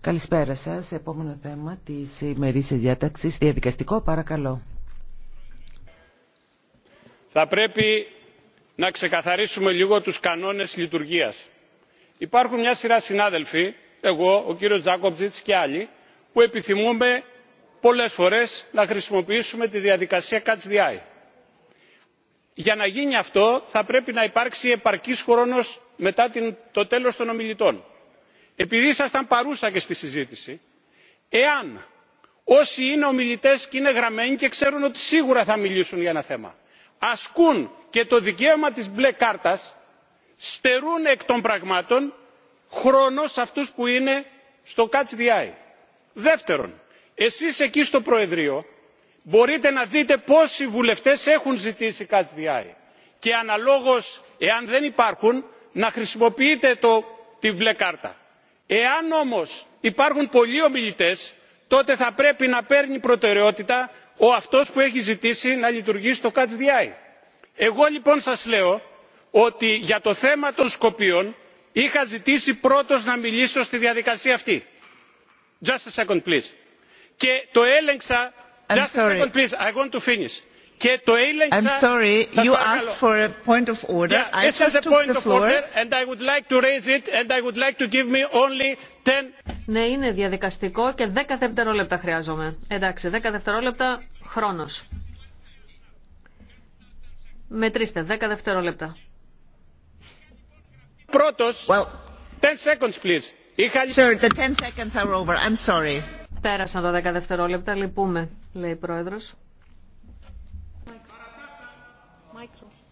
Καλησπέρα σα. Επόμενο θέμα τη ημερήσια διάταξη. Διαδικαστικό, παρακαλώ. Θα πρέπει να ξεκαθαρίσουμε λίγο τους κανόνε λειτουργία. Υπάρχουν μια σειρά συνάδελφοι, εγώ, ο κύριο Τζάκομπτζιτς και άλλοι, που επιθυμούμε πολλέ φορές να χρησιμοποιήσουμε τη διαδικασία Catch Για να γίνει αυτό θα πρέπει να υπάρξει επαρκής χρόνος μετά το τέλος των ομιλητών επειδή ήσασταν παρούσα και στη συζήτηση εάν όσοι είναι ομιλητές και είναι γραμμένοι και ξέρουν ότι σίγουρα θα μιλήσουν για ένα θέμα ασκούν και το δικαίωμα της μπλε κάρτας στερούν εκ των πραγμάτων χρόνο σε αυτούς που είναι στο catch the eye. Δεύτερον, εσείς εκεί στο Προεδρείο μπορείτε να δείτε πόσοι βουλευτές έχουν ζητήσει catch the eye και αναλόγως εάν δεν υπάρχουν να χρησιμοποιείτε την μπλε κάρτα εάν όμως υπάρχουν πολλοί ομιλητές τότε θα πρέπει να παίρνει προτεραιότητα ο αυτός που έχει ζητήσει να λειτουργήσει το catch the eye. εγώ λοιπόν σας λέω ότι για το θέμα των σκοπίων είχα ζητήσει πρώτος να μιλήσω στη διαδικασία αυτή. Just a second, please. Και το έλεγξα. Just a second, please. to finish. I'm sorry, you asked for a point of order. Yeah, I this is a point of order and I would like to raise it and I would like to give me only 10... Ναι, είναι διαδικαστικό και 10 δευτερόλεπτα χρειάζομαι. Εντάξει, 10 δευτερόλεπτα χρόνος. Μετρήστε, 10 δευτερόλεπτα. Πρώτος, well, 10 seconds please. Sir, the 10 seconds are over. I'm sorry. Πέρασαν τα 10 δευτερόλεπτα, λυπούμε, λέει η Πρόεδρος και